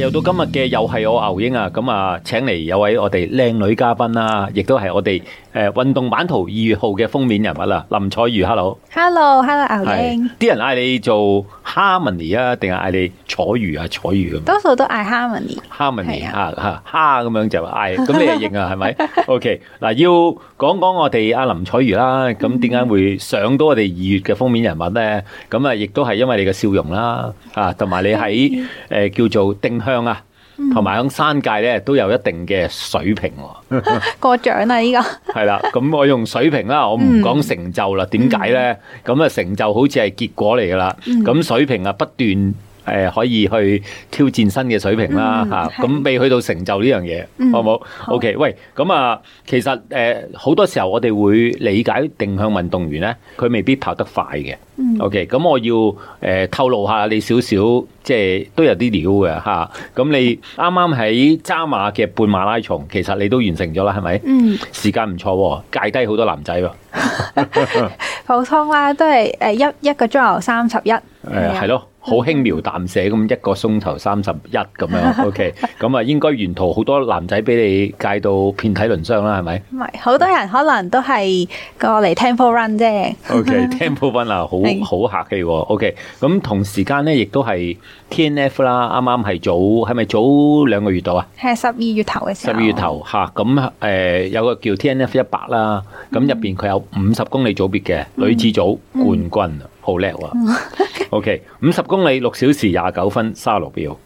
又到今日嘅又係我牛英啊，咁啊，請嚟有位我哋靚女嘉賓啦、啊，亦都係我哋誒運動版圖二月號嘅封面人物啦、啊，林楚茹，Hello。Hello，Hello，牛英。啲人嗌你做 Harmony 啊，定係嗌你楚茹啊，楚茹咁，多數都嗌 Harmony，Harmony，啊，吓哈咁樣就嗌，咁你又認啊，係咪、哎、 ？OK，嗱，要講講我哋阿林楚茹啦，咁點解會上到我哋二月嘅封面人物咧？咁啊，亦都係因為你嘅笑容啦，啊，同埋你喺誒、呃、叫做定向啊。同埋喺山界咧，都有一定嘅水平，嗯、 過獎啦，依家係啦，咁我用水平啦，我唔講成就啦。點解咧？咁啊成就好似係結果嚟噶啦，咁、嗯、水平啊不斷。誒、呃、可以去挑戰新嘅水平啦，嚇咁未去到成就呢樣嘢，好唔好，好？OK，喂，咁啊，其實誒好、呃、多時候我哋會理解定向運動員咧，佢未必跑得快嘅、嗯。OK，咁我要、呃、透露下你少少，即、就、係、是、都有啲料嘅嚇。咁、啊、你啱啱喺渣馬嘅半馬拉松，其實你都完成咗啦，係咪？嗯。時間唔錯喎、啊，戒低好多男仔喎、啊。 普通啦、啊，都係誒一一個鐘頭三十一。係咯。好輕描淡寫咁一個鐘頭三十一咁樣 ，OK，咁啊應該沿途好多男仔俾你戒到遍體鱗傷啦，係咪？唔係，好多人可能都係過嚟 tempo run 啫。OK，tempo run 啊好， 好好客氣喎、哦。OK，咁同時間咧亦都係 T N F 啦，啱啱係早，係咪早兩個月度啊？係十二月頭嘅時候。十二月頭吓，咁、啊、誒、呃、有個叫 T N F 一百啦，咁入邊佢有五十公里組別嘅 女子組冠軍 好叻啊，OK，五十公里六小時廿九分卅六秒，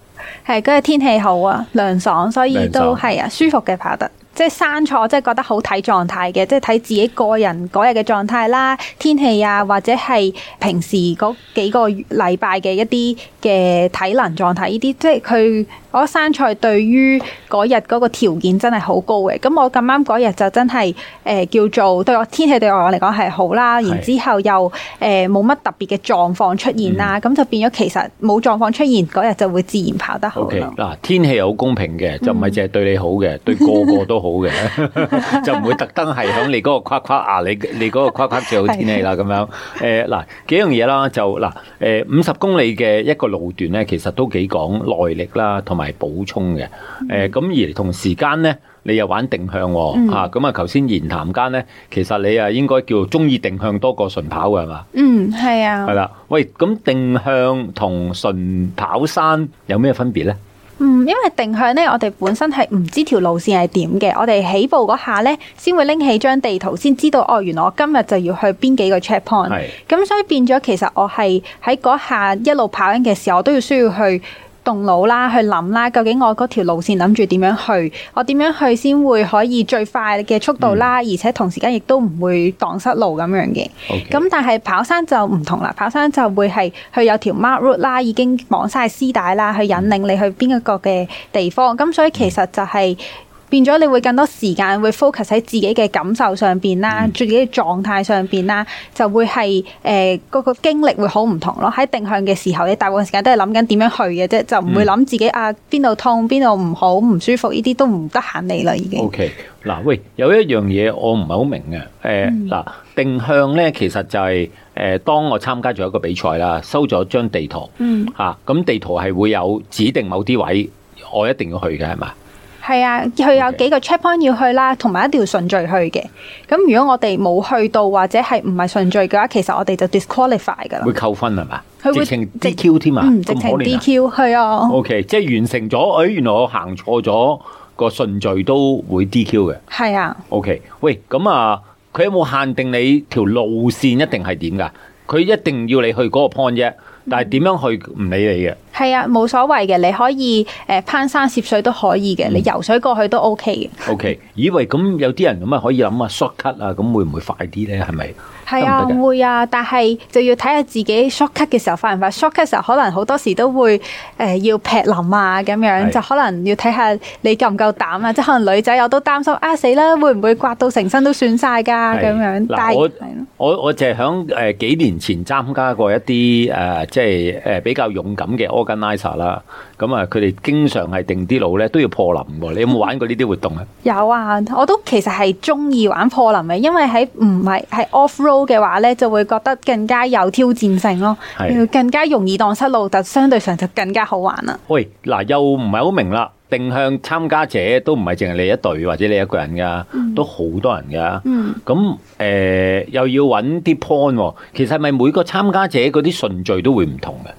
係今日天氣好啊，涼爽，所以都係啊，舒服嘅跑得。即係山賽，即係覺得好睇狀態嘅，即係睇自己個人嗰日嘅狀態啦、天氣啊，或者係平時嗰幾個禮拜嘅一啲嘅體能狀態呢啲。即係佢，我覺得山賽對於嗰日嗰個條件真係好高嘅。咁我咁啱嗰日就真係誒叫做對我天氣對我嚟講係好啦。然之後又誒冇乜特別嘅狀況出現啦，咁、嗯、就變咗其實冇狀況出現嗰日就會自然跑得好嗱、okay，天氣好公平嘅，就唔係淨係對你好嘅，嗯、對個個都。 好 嘅， 就唔會特登係響你嗰個框框啊！你你嗰個框框最好天氣啦，咁樣誒嗱幾樣嘢啦，就嗱誒五十公里嘅一個路段咧，其實都幾講耐力啦，同埋補充嘅，誒，咁而同時間咧，你又玩定向，吓、嗯、咁啊！頭先言談間咧，其實你啊應該叫中意定向多過純跑嘅係嘛？嗯，係啊，係啦，喂，咁定向同純跑山有咩分別咧？嗯，因為定向咧，我哋本身係唔知條路線係點嘅，我哋起步嗰下咧，先會拎起張地圖，先知道哦，原來我今日就要去邊幾個 check point。係，咁所以變咗，其實我係喺嗰下一路跑緊嘅時候，我都要需要去動腦啦，去諗啦，究竟我嗰條路線諗住點樣去？我點樣去先會可以最快嘅速度啦、嗯，而且同時間亦都唔會蕩失路咁樣嘅。咁、Okay. 但係跑山就唔同啦，跑山就會係去有條 mark route 啦，已經綁晒絲帶啦，去引領你去邊一個嘅地方。咁、嗯、所以其實就係、是。變咗你會更多時間會 focus 喺自己嘅感受上邊啦，自己嘅狀態上邊啦，嗯、就會係誒嗰個經歷會好唔同咯。喺定向嘅時候，你大部分時間都係諗緊點樣去嘅啫，就唔會諗自己、嗯、啊邊度痛，邊度唔好唔舒服呢啲都唔得閒理啦已經。O K，嗱喂，有一樣嘢我唔係好明嘅誒嗱定向咧，其實就係、是、誒、呃、當我參加咗一個比賽啦，收咗張地圖，嗯嚇、啊，咁地圖係會有指定某啲位，我一定要去嘅係嘛？是。係啊，佢有幾個 checkpoint 要去啦，同埋一定要順序去嘅。咁如果我哋冇去到或者係唔係順序嘅話，其實我哋就 disqualify 噶啦。會扣分係嘛？佢會直情 DQ 添、嗯、啊，咁可憐 DQ 係啊。O K，即係完成咗。誒、哎，原來我行錯咗個順序都會 DQ 嘅。係啊。O、okay, K，喂，咁啊，佢有冇限定你條路線一定係點噶？佢一定要你去嗰個 point 啫，但係點樣去唔理你嘅。嗯係啊，冇所謂嘅，你可以誒攀山涉水都可以嘅，嗯，你游水過去都 OK 嘅。OK，咦，喂，咁有啲人咁啊，可以諗下 short cut 啊，咁會唔會快啲咧？係咪？係啊行行，會啊，但係就要睇下自己 short cut 嘅時候快唔快。short cut 嘅時候可能好多時候都會誒，呃、要劈林啊，咁樣就可能要睇下你夠唔夠膽啊。即、就、係、是，可能女仔我都擔心啊，死啦，會唔會刮到成身都損晒㗎？啊？咁樣。但我，啊，我我就係響誒幾年前參加過一啲誒即係誒比較勇敢嘅跟 Nasa 啦，咁啊，佢哋經常係定啲路咧，都要破林喎。你有冇玩過呢啲活動啊？有啊，我都其實係中意玩破林嘅，因為喺唔係係 Offroad 嘅話咧，就會覺得更加有挑戰性咯，係，更加容易蕩失路，就相對上就更加好玩啦。喂，嗱，又唔係好明啦。定向參加者都唔係淨係你一隊或者你一個人噶，都好多人噶。嗯，咁誒、嗯呃，又要搵啲 point 喎。其實係咪每個參加者嗰啲順序都會唔同嘅？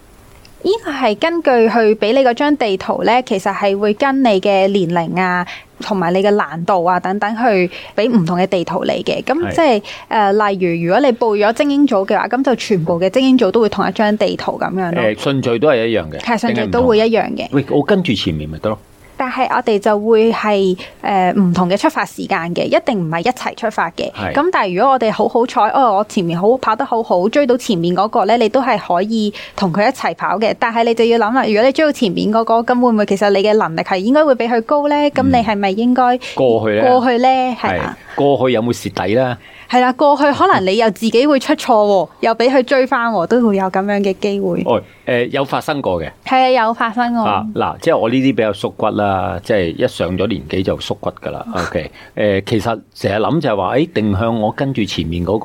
依個係根據去俾你嗰張地圖咧，其實係會跟你嘅年齡啊，同埋你嘅難度啊等等，去俾唔同嘅地圖你嘅。咁即係誒，例如如果你報咗精英組嘅話，咁就全部嘅精英組都會同一張地圖咁樣咯。誒、嗯、順序都係一樣嘅，係順序都，都會一樣嘅。喂，我跟住前面咪得咯。但係我哋就會係誒唔同嘅出發時間嘅，一定唔係一齊出發嘅。咁但係如果我哋好好彩，哦，我前面好跑得好好，追到前面嗰個呢，你都係可以同佢一齊跑嘅。但係你就要諗啦，如果你追到前面嗰個，咁會唔會其實你嘅能力係應該會比佢高呢？咁你係咪應該、嗯、過去呢？過去呢係啊。過去有冇蝕底啦？係啦，過去可能你又自己會出錯，又俾佢追翻，都會有咁樣嘅機會。誒、哎呃，有發生過嘅。係啊，有發生過的。嗱、啊，即係我呢啲比較縮骨啦，即係一上咗年紀就縮骨噶啦、哦。OK，誒、呃，其實成日諗就係話，誒、哎，定向我跟住前面嗰、那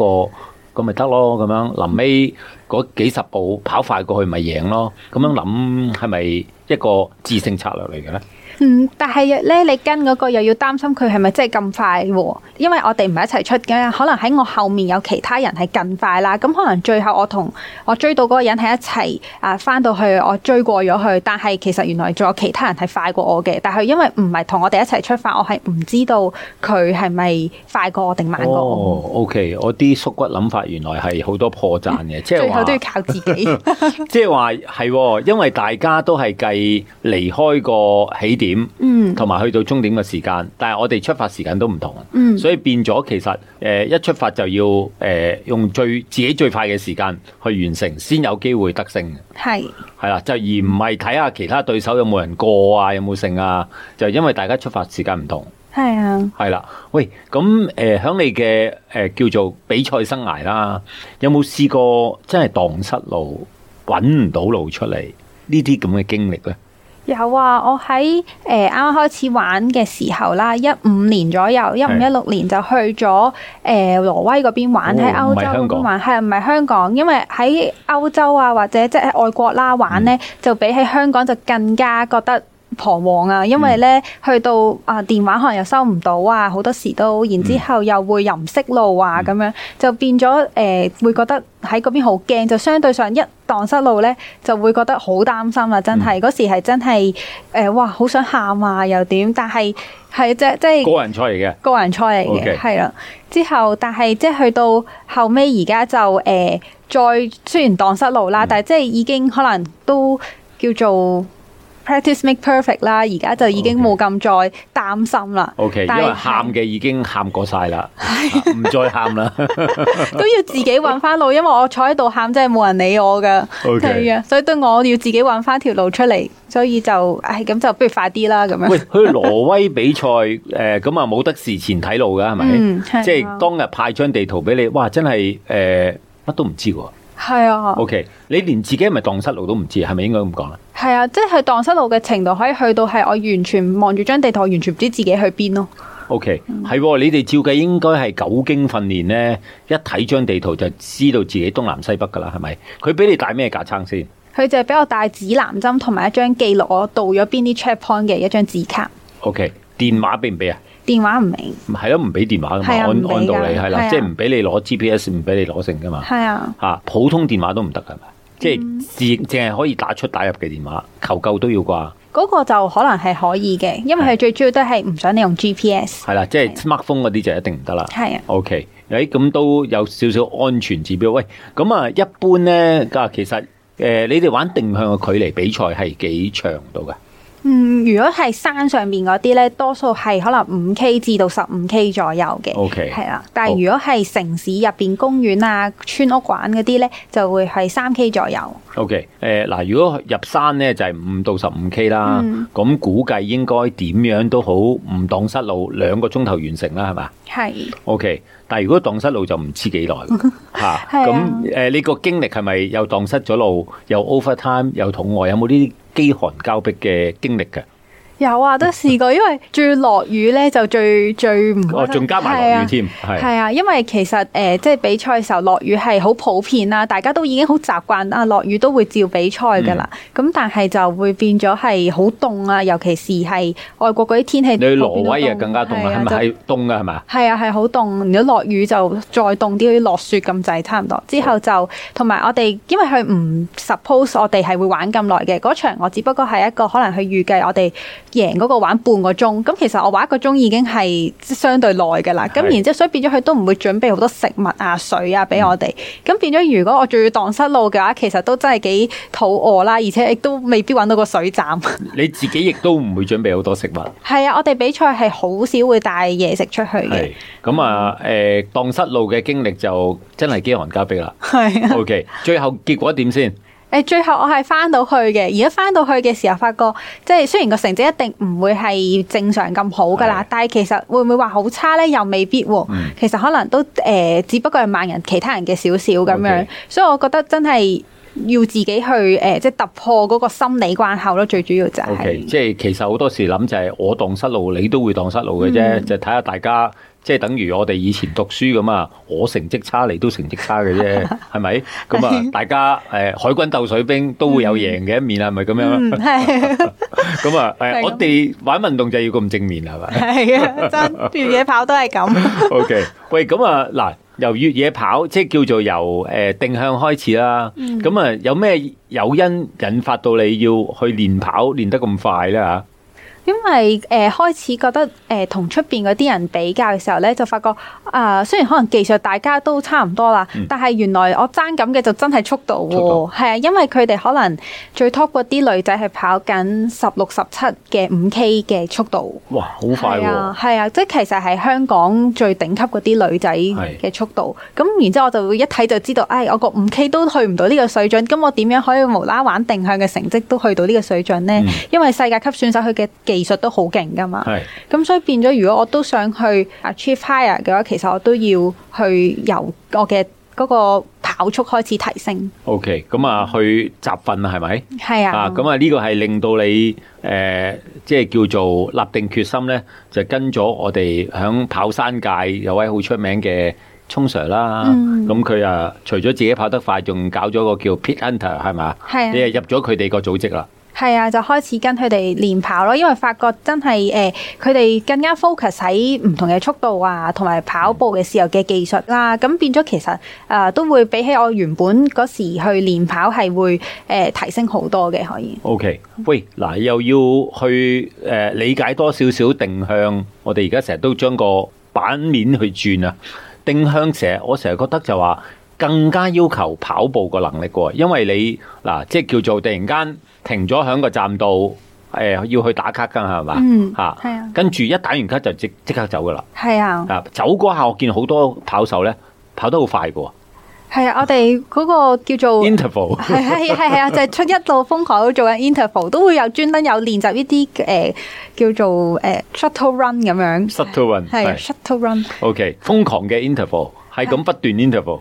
個，咁咪得咯，咁樣臨尾嗰幾十步跑快過去咪贏咯。咁樣諗係咪一個制勝策略嚟嘅咧？嗯，但係咧，你跟嗰個又要擔心佢係咪真係咁快？因為我哋唔係一齊出嘅，可能喺我後面有其他人係更快啦。咁可能最後我同我追到嗰個人係一齊啊，翻到去我追過咗去，但係其實原來仲有其他人係快過我嘅。但係因為唔係同我哋一齊出發，我係唔知道佢係咪快過我定慢過我。哦，okay. 我啲縮骨諗法原來係好多破綻嘅，即 係最後都要靠自己。即係話係，因為大家都係計離開個起點。點，嗯，同埋去到終點嘅時間，但係我哋出發時間都唔同，嗯，所以變咗其實，誒、呃，一出發就要，誒、呃，用最自己最快嘅時間去完成，先有機會得勝嘅，係，係啦，就而唔係睇下其他對手有冇人過啊，有冇勝啊，就因為大家出發時間唔同，係啊，係啦，喂，咁，誒、呃，響你嘅，誒、呃，叫做比賽生涯啦，有冇試過真係蕩失路，揾唔到路出嚟，呢啲咁嘅經歷呢？有啊，我喺誒啱啱開始玩嘅時候啦，一五年左右，一五一六年就去咗誒、呃、挪威嗰邊玩，喺歐洲嗰邊玩，係唔係香港？因為喺歐洲啊或者即係外國啦、啊、玩咧，嗯、就比起香港就更加覺得。彷徨啊，因為咧去到啊電話可能又收唔到啊，好多時都然之後又會蕩失路啊咁、嗯、樣，就變咗誒、呃、會覺得喺嗰邊好驚，就相對上一蕩失路咧就會覺得好擔心啊。真係嗰、嗯、時係真係誒、呃、哇好想喊啊又點，但係係即即個人賽嚟嘅，個人賽嚟嘅係啦。之後但係即係去到後尾而家就、呃、再雖然蕩失路啦、嗯，但係即係已經可能都叫做。Practice make perfect 啦，而家就已經冇咁再擔心啦。O、okay, K，因為喊嘅已經喊過晒啦，唔 再喊哭啦。 都要自己搵翻路，因為我坐喺度喊真係冇人理我噶係、okay. 啊，所以對我要自己搵翻條路出嚟，所以就唉咁就不如快啲啦咁樣。喂， 去挪威比賽誒，咁啊冇得事前睇路噶係咪？即係當日派張地圖俾你，哇，真係誒乜都唔知喎。係啊，OK，你連自己係咪蕩失路都唔知，係咪應該咁講啦？係啊，即係佢蕩失路嘅程度可以去到係我完全望住張地圖，完全唔知自己去邊咯。OK，係、嗯啊、你哋照計應該係久經訓練咧，一睇張地圖就知道自己東南西北噶啦，係咪？佢俾你帶咩架撐先？佢就係俾我帶指南針同埋一張記錄我到咗邊啲 check point 嘅一張紙卡。OK，電話俾唔俾啊？電話唔明，係咯，唔俾電話噶嘛，按按道理係啦，即係唔俾你攞 GPS，唔俾你攞成噶嘛。係啊，吓普通電話都唔得噶，即係淨係可以打出打入嘅電話，求救都要啩。嗰個就可能係可以嘅，因為佢最主要都係唔想你用 GPS。係啦，即係麥克風嗰啲就一定唔得啦。係啊。OK，誒，咁都有少少安全指標。喂，咁啊，一般咧，家其實誒、呃，你哋玩定向嘅距離比賽係幾長度噶？嗯，如果係山上邊嗰啲咧，多數係可能五 K 至到十五 K 左右嘅，係、okay. 啦。但係如果係城市入邊公園啊、okay. 村屋玩嗰啲咧，就會係三 K 左右。O K，誒，嗱，如果入山咧就係、是、五到十五 K 啦，咁、嗯、估計應該點樣都好唔蕩失路，兩個鐘頭完成啦，係嘛？係。O K。但如果蕩失路就唔知幾耐嚇，咁 誒、啊啊呃、你個經歷係咪又蕩失咗路，又 overtime，又肚餓，有冇啲飢寒交迫嘅經歷㗎？有啊，都試過，因為最落雨咧就最最唔～哦，仲加埋落雨添，係啊，啊，因為其實誒、呃，即係比賽嘅時候落雨係好普遍啦，大家都已經好習慣啊，落雨都會照比賽噶啦。咁、嗯、但係就會變咗係好凍啊，尤其是係外國嗰啲天氣。你去挪威又更加凍啊，係咪係凍噶係咪？係啊，係好凍，如果落雨就再凍啲，落雪咁滯，差唔多，多。之後就同埋我哋，因為佢唔 suppose 我哋係會玩咁耐嘅嗰場，我只不過係一個可能去預計我哋。贏嗰個玩半個鐘，咁其實我玩一個鐘已經係相對耐嘅啦。咁然之後，所以變咗佢都唔會準備好多食物啊、水啊俾我哋。咁、嗯、變咗，如果我仲要蕩失路嘅話，其實都真係幾肚餓啦，而且亦都未必揾到個水站。你自己亦都唔會準備好多食物。係啊，我哋比賽係好少會帶嘢食出去嘅。係咁啊，誒、呃，蕩失路嘅經歷就真係飢寒交迫啦。係。O K，最後結果點先？誒，最後我係翻到去嘅。而家翻到去嘅時候，發覺即係雖然個成績一定唔會係正常咁好噶啦，的但係其實會唔會話好差呢？又未必，啊。嗯、其實可能都誒、呃，只不過係慢人其他人嘅少少咁樣。Okay、所以我覺得真係要自己去誒、呃，即係突破嗰個心理關口咯。最主要就係，是 okay, 即係其實好多時諗就係我蕩失路，你都會蕩失路嘅啫。嗯、就睇下大家。即係等於我哋以前讀書咁啊，我成績差你都成績差嘅啫，係 咪？咁啊，大家誒， 海軍鬥水兵都會有贏嘅一面，嗯是是嗯、啊，係咪咁樣咧？咁啊，誒，啊，我哋玩運動就要咁正面係咪？係啊，真越野跑都係咁。O K，喂，咁啊，嗱，由越野跑即係、就是、叫做由誒、呃、定向開始啦。咁、嗯、啊，有咩誘因引發到你要去練跑練得咁快咧？吓？因為誒、呃、開始覺得誒同出面嗰啲人比較嘅時候咧，就發覺啊、呃，雖然可能技術大家都差唔多啦、嗯，但係原來我爭咁嘅就真係速度喎、哦。係啊，因為佢哋可能最 top 嗰啲女仔係跑緊十六、十七嘅五 K 嘅速度。哇，好快喎、哦！係啊，啊，即係其實係香港最頂級嗰啲女仔嘅速度。咁然之後我就一睇就知道，哎，我個五 K 都去唔到呢個水準。咁我點樣可以無啦玩定向嘅成績都去到呢個水準呢、嗯？因為世界級選手佢嘅技術技術都好勁噶嘛，咁所以變咗，如果我都想去 achieve higher 嘅話，其實我都要去由我嘅嗰個跑速開始提升。OK，咁啊去集訓啊，係咪？係啊，咁啊呢個係令到你誒，即係叫做立定決心咧，就跟咗我哋響跑山界有位好出名嘅冲 Sir 啦。咁佢啊，除咗自己跑得快，仲搞咗個叫 pit hunter 係咪？係啊，你係入咗佢哋個組織啦。係啊，就開始跟佢哋練跑咯，因為發覺真係誒，佢、呃、哋更加 focus 喺唔同嘅速度啊，同埋跑步嘅時候嘅技術啦、啊。咁、嗯、變咗其實誒、呃、都會比起我原本嗰時去練跑係會誒、呃、提升好多嘅，可以。O、okay, K，喂，嗱又要去誒、呃、理解多少少定向。我哋而家成日都將個版面去轉啊，定向成日我成日覺得就話更加要求跑步個能力喎、啊，因為你嗱即係叫做突然間。停咗喺個站度，誒、呃、要去打卡噶係嘛？吓、嗯啊，跟住一打完卡就即即刻走噶啦。係啊，啊走嗰下我見好多跑手咧，跑得好快噶。係啊，我哋嗰個叫做 interval，係係係啊，就係、是、出一路瘋狂做緊 interval，都會有專登有練習呢啲誒叫做誒、呃、shuttle run 咁樣 shuttle run 係、啊啊、shuttle run。O.K. 瘋狂嘅 interval。係咁不斷 interval，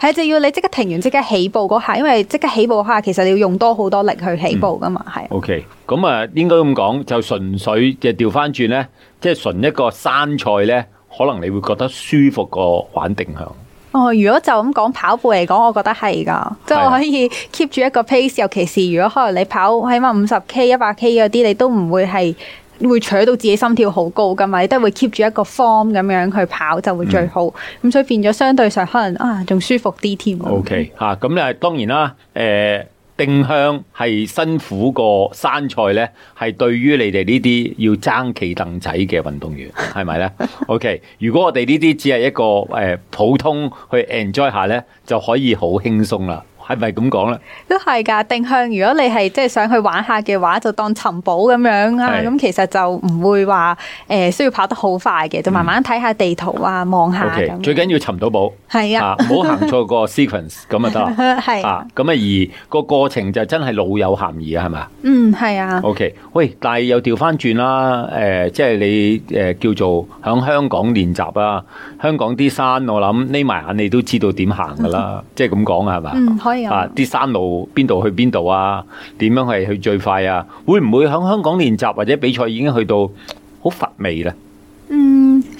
係 就要你即刻停完即刻起步嗰下，因為即刻起步嗰下其實你要用多好多力去起步噶嘛，係、嗯。O K，咁啊，應該咁講就純粹嘅調翻轉咧，即係純一個山賽咧，可能你會覺得舒服個玩定向。哦，如果就咁講跑步嚟講，我覺得係噶，即係我可以 keep 住一個 pace，尤其是如果可能你跑起碼五十 k、一百 k 嗰啲，你都唔會係。會扯到自己心跳好高噶嘛？你都係會 keep 住一個 form 咁樣去跑就會最好。咁、嗯、所以變咗相對上可能啊仲舒服啲添。O K 吓，咁你當然啦，誒、呃、定向係辛苦過山賽咧，係對於你哋呢啲要爭企凳仔嘅運動員係咪咧？O K，如果我哋呢啲只係一個、呃、普通去 enjoy 下咧，就可以好輕鬆啦。係咪咁講啦？都係噶定向，如果你係即係想去玩一下嘅話，就當尋寶咁樣啊。咁其實就唔會話誒、呃、需要跑得好快嘅，就慢慢睇下地圖啊，望、嗯、下、okay, 最緊要尋到寶，係啊，唔好 行錯個 sequence 咁啊得啦。係啊，咁啊而個過程就真係老有含義，啊，係嘛？嗯，係啊。O、okay, K，喂，但係又調翻轉啦，誒、呃，即係你誒、呃、叫做響香港練習啊，香港啲山我諗匿埋眼你都知道點行噶啦，即係咁講啊係嘛？嗯，啊！啲山路邊度去邊度啊？點樣係去最快啊？會唔會喺香港練習或者比賽已經去到好乏味啦？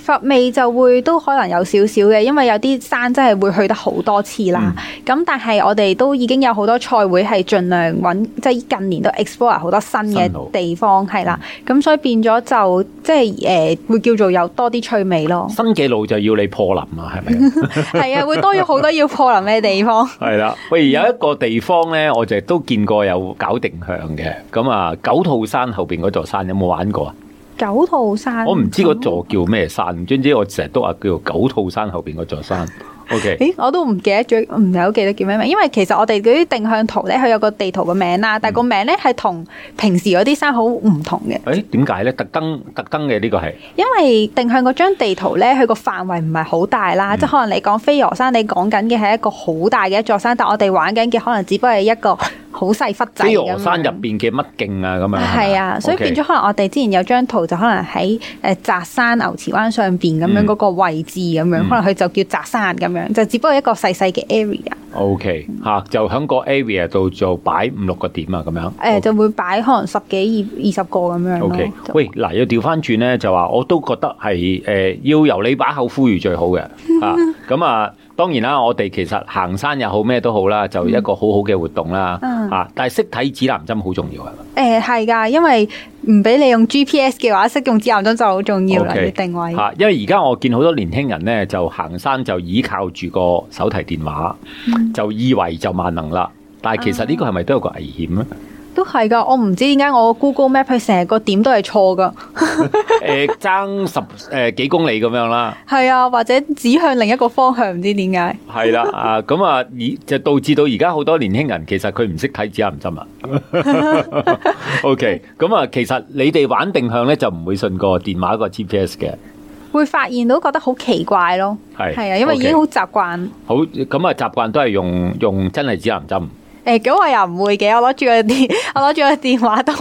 乏味就會都可能有少少嘅，因為有啲山真係會去得好多次啦。咁、嗯、但係我哋都已經有好多賽會係盡量揾，即、就、係、是、近年都 explore 好多新嘅地方係啦。咁、嗯、所以變咗就即係誒會叫做有多啲趣味咯。新幾路就要你破林啊，係咪？係 啊，會多咗好多要破林嘅地方。係啦，喂，有一個地方咧，我就都見過有搞定向嘅。咁啊，九套山後邊嗰座山有冇玩過啊？九套山，我唔知嗰座叫咩山，唔、嗯、唔知。知我成日都話叫九套山後邊嗰座山。O K，誒，我都唔記得咗，唔係好記得叫咩名，因為其實我哋嗰啲定向圖咧，佢有個地圖個名，嗯、但個名啦，但個名咧係同平時嗰啲山好唔同嘅。誒，點解咧？特登特登嘅呢個係？因為定向嗰張地圖咧，佢個範圍唔係好大啦，嗯，即係可能你講飛鵝山，你講緊嘅係一個好大嘅一座山，但係我哋玩緊嘅可能只不過係一個。好細忽仔啊！飛鵝山入邊嘅乜徑啊咁樣係啊，所以變咗可能我哋之前有一張圖就可能喺誒扎山牛池灣上邊咁樣嗰個位置咁樣、嗯，可能佢就叫扎山咁樣、嗯，就只不過一個細細嘅 area okay，嗯。O K 嚇，就喺個 area 度就擺五六個點啊咁樣。誒、呃，就會擺可能十幾、二二十個咁樣 okay。O K，喂嗱，要調翻轉咧，就話我都覺得係誒、呃、要由你把口呼籲最好嘅。 啊，咁啊，當然啦、啊，我哋其實行山又好，咩都好啦，就一個好好嘅活動啦。嗯嗯、啊，但係識睇指南針好重要，係咪？誒，係、嗯、噶，因為唔俾你用 G P S 嘅話，識用指南針就好重要啦，okay, 要定位。吓、啊，因為而家我見好多年輕人咧，就行山就倚靠住個手提電話，嗯、就以為就萬能啦、嗯。但係其實呢個係咪都有一個危險咧？嗯嗯都係噶，我唔知點解我 Google Map 佢成個點都係錯噶。誒、 呃，爭十誒、呃、幾公里咁樣啦。係啊，或者指向另一個方向，唔知點解。係 啦、啊，啊咁啊，而、嗯、就導致到而家好多年輕人其實佢唔識睇指南針啊。O K，咁啊，其實你哋玩定向咧就唔會信個電話一個 G P S 嘅，會發現到覺得好奇怪咯。係係啊，因為已經好習慣、okay. 好習慣。好咁啊，習、嗯、慣都係用用真係指南針。誒、欸，咁我又唔會嘅，我攞住個電，我攞住個電話都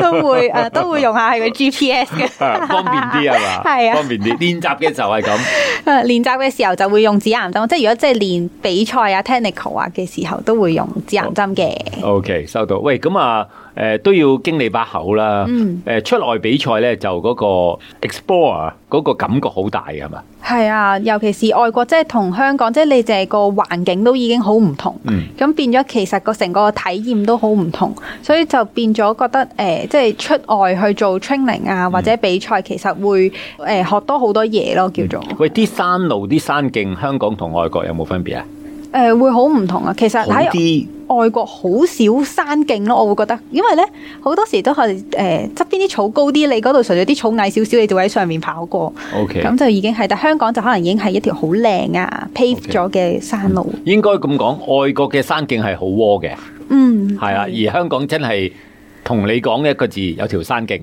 都會、 呃，都會用下個 GPS 嘅， 方便啲係嘛？係 啊，方便啲。練習嘅時候係咁。誒，練習嘅時候就會用指南針，即係如果即係練比賽啊、technical 啊嘅時候都會用指南針嘅、oh,。OK，收到。喂，咁啊。呃、都要經你把口啦、嗯呃。出外比賽咧，就嗰個 explore 嗰個感覺好大嘅嘛？係啊，尤其是外國，即係同香港，即係你淨係個環境都已經好唔同。咁、嗯、變咗，其實個成個體驗都好唔同，所以就變咗覺得、呃、即係出外去做 training 啊，嗯、或者比賽，其實會誒、呃、學多好多嘢咯，叫做、嗯。喂，啲山路、啲山徑，香港同外國有冇分別啊？誒、呃、會好唔同啊！其實喺外國好少山徑咯、啊，我會覺得，因為咧好多時都係誒側邊啲草高啲，你嗰度除咗啲草矮少少，你就喺上面跑過。OK，咁就已經係，但香港就可能已經係一條好靚啊鋪咗嘅山路。Okay. 嗯、應該咁講，外國嘅山徑係好窩嘅。嗯，係啊，而香港真係。同你講嘅一個字，有條山徑。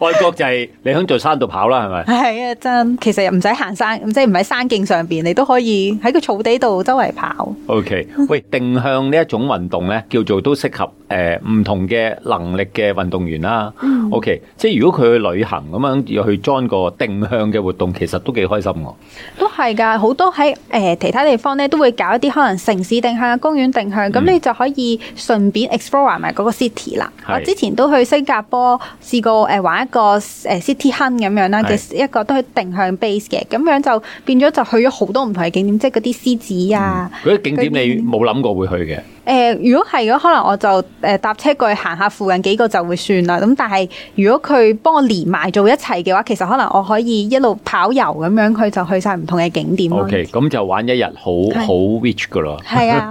外國就係你喺座山度跑啦，係咪？係啊，真。其實唔使行山，即係唔喺山徑上邊，你都可以喺個草地度周圍跑。OK，喂，定向呢一種運動咧，叫做都適合誒唔同嘅能力嘅運動員啦。嗯。OK，即係如果佢去旅行咁樣，要去 join 個定向嘅活動，其實都幾開心㗎。都係㗎，好多喺誒其他地方咧，都會搞一啲可能城市定向、公園定向，咁你就可以順便 explore 埋嗰個。City 啦，我之前都去新加坡試過誒玩一個誒 City Hunt 咁樣啦，嘅一個都係定向 base 嘅，咁樣就變咗就去咗好多唔同嘅景點，即係嗰啲獅子啊，嗰、嗯、啲景點你冇諗過會去嘅。誒、呃，如果係嘅，可能我就誒、呃、搭車過去行下附近幾個就會算啦。咁但係如果佢幫我連埋做一齊嘅話，其實可能我可以一路跑遊咁樣，佢就去晒唔同嘅景點。OK，咁就玩一日好好 rich 㗎囉。係啊。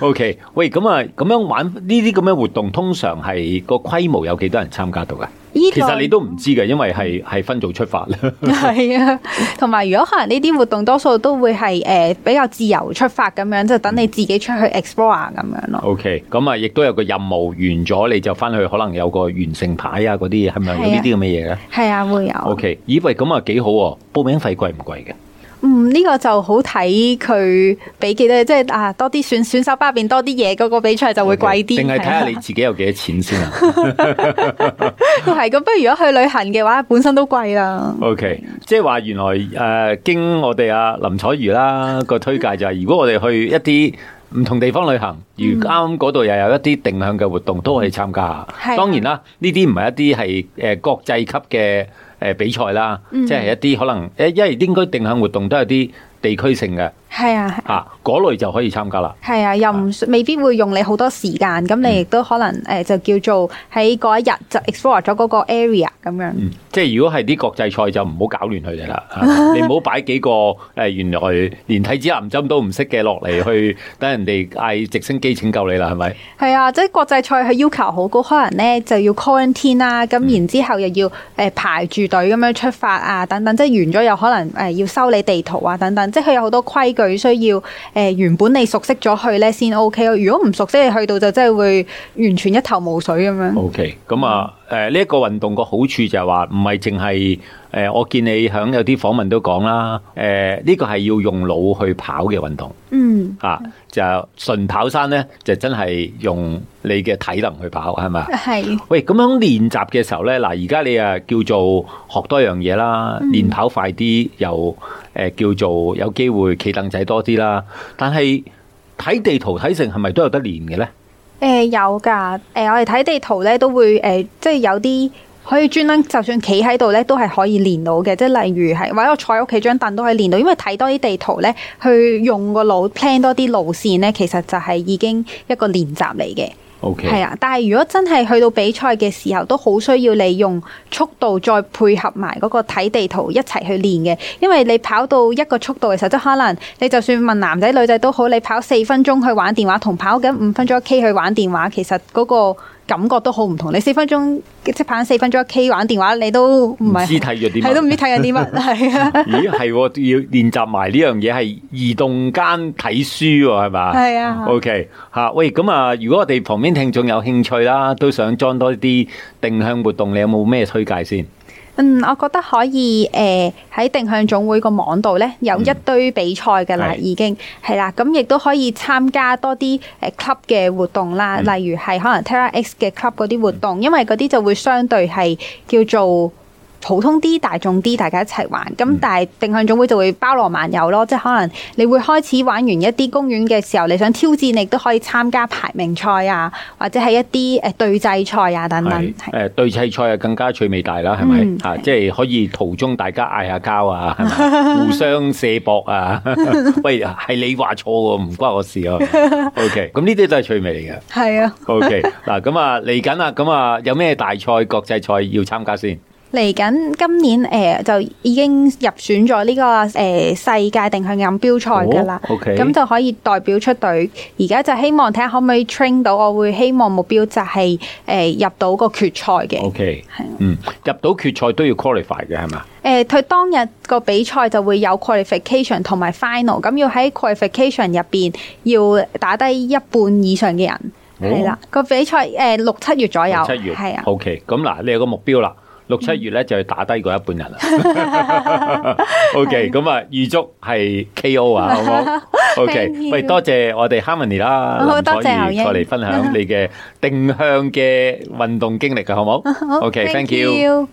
OK，喂，咁啊，咁樣玩呢啲咁樣活動，通常係個規模有幾多人參加到㗎？其實你都唔知嘅，因為係係分組出發。係啊，同埋如果可能呢啲活動多數都會係誒、呃、比較自由出發咁樣，就等你自己出去 explore 咁樣咯、嗯。OK，咁啊亦都有個任務完咗，你就翻去可能有個完成牌啊那些，嗰啲係咪有呢啲咁嘅嘢咧？係啊，啊，會有。OK，以為咁啊幾好喎，報名費貴唔貴嘅？嗯，呢、這個就好睇佢俾幾多，即、就、係、是、啊多啲選選手包入邊多啲嘢，嗰個比賽就會貴啲。淨係睇下你自己有幾多錢先啊。係 咁， 不如如果去旅行嘅話，本身都貴、okay, 呃啊、啦。O K，即係話原來誒經我哋阿林楚茹啦個推介就係，如果我哋去一啲唔同地方旅行，如啱嗰度又有一啲定向嘅活動，都可以參加、嗯。當然啦，呢啲唔係一啲係誒國際級嘅。誒比賽啦，即係一啲可能誒，因為應該定向活動都有啲。地區性嘅係啊，嚇、啊、嗰類就可以參加啦。係啊，又唔、啊、未必會用你好多時間，咁你亦都可能誒、嗯呃、就叫做喺嗰一日就 explore 咗嗰個 area 咁樣。嗯、即係如果係啲國際賽就唔好搞亂佢哋啦。啊、 你唔好擺幾個誒原來連體指南針都唔識嘅落嚟去等人哋嗌直升機拯救你啦，係咪？係啊，即係國際賽佢要求好高，可能咧就要 quarantine 啦、啊，咁、嗯、然之後又要誒排住隊咁樣出發啊，等等，即係完咗又可能誒要收你地圖啊，等等。即係佢有好多規矩需要，誒、呃、原本你熟悉咗去咧先 OK 咯。如果唔熟悉你去到就真係會完全一頭霧水咁樣。OK，咁啊。誒、呃、呢、這、一個運動個好處就係話唔係淨係誒，我見你響有啲訪問都講啦。誒、呃、呢、這個係要用腦去跑嘅運動。嗯、吓、啊、就純跑山咧，就真係用你嘅體能去跑，係咪？係。喂，咁樣練習嘅時候咧，嗱，而家你啊叫做學多樣嘢啦，練、嗯、跑快啲，又誒叫做有機會企凳仔多啲啦。但係睇地圖睇成係咪都有得練嘅咧？誒、呃，有噶，誒、呃，我哋睇地圖咧都會，誒、呃，即係有啲可以專登，就算企喺度咧，都係可以練到嘅。即係例如係，或者我坐喺屋企張凳，都可以練到，因為睇多啲地圖咧，去用個腦 plan 多啲路線咧，其實就係已經一個練習嚟嘅。係、okay。啊，但係如果真係去到比賽嘅時候，都好需要利用速度再配合埋嗰個睇地圖一齊去練嘅，因為你跑到一個速度嘅時候，即係可能你就算問男仔女仔都好，你跑四分鐘去玩電話，同跑緊五分鐘一 K 去玩電話，其實嗰、那個。感覺都好唔同，你四分鐘即係玩四分鐘嘅 K 玩電話，你都唔係睇咗，係 都唔知睇緊啲乜，係 係啊。 咦，係要練習埋呢樣嘢係移動間睇書喎，係嘛？係啊。OK，嚇、啊、喂，咁啊，如果我哋旁邊聽眾有興趣啦，都想裝多啲定向活動，你有冇咩推介先？嗯，我覺得可以誒，喺、呃、定向總會個網度咧有一堆比賽嘅啦、嗯，已經係啦，咁亦、嗯、都可以參加多啲誒、呃、club 嘅活動啦，嗯、例如係可能 Terra X 嘅 club 啲活動，因為啲就會相對係叫做。普通啲、大眾啲，大家一齊玩。咁但係定向總會就會包羅萬有咯、嗯，即係可能你會開始玩完一啲公園嘅時候，你想挑戰，你都可以參加排名賽啊，或者係一啲誒、呃、對砌賽啊等等。誒對砌賽啊，更加趣味大啦，係、嗯、咪、啊、即係可以途中大家嗌下交啊， 互相卸膊啊。 喂，係你話錯喎、啊，唔關我事啊。 OK，咁呢啲都係趣味嚟嘅。係、 okay，啊。OK，嗱咁啊，嚟緊啊。咁啊，有咩大賽、國際賽要參加先？嚟緊今年誒、呃、就已經入選咗呢、這個誒、呃、世界定向錦標賽噶啦，咁、oh, okay. 就可以代表出隊。而家就希望睇下可唔可以 train 到，我會希望目標就係、是、誒、呃、入到個決賽嘅。OK，係、啊，嗯，入到決賽都要 qualify 嘅係嘛？誒，佢、呃、當日個比賽就會有 qualification 同埋 final，咁要喺 qualification 入邊要打低一半以上嘅人係啦。Oh. 是啊，那個比賽誒、呃、六七月左右，六七月，係啊。OK，咁嗱，你有個目標啦。六七月咧，就要打低嗰一半人啦。O K，咁啊，預祝係 K O 啊，好唔好？O K，唔該，多謝我哋 Harmony 啦，林楚茹再嚟分享你嘅定向嘅運動經歷嘅，好唔好？O K，thank you。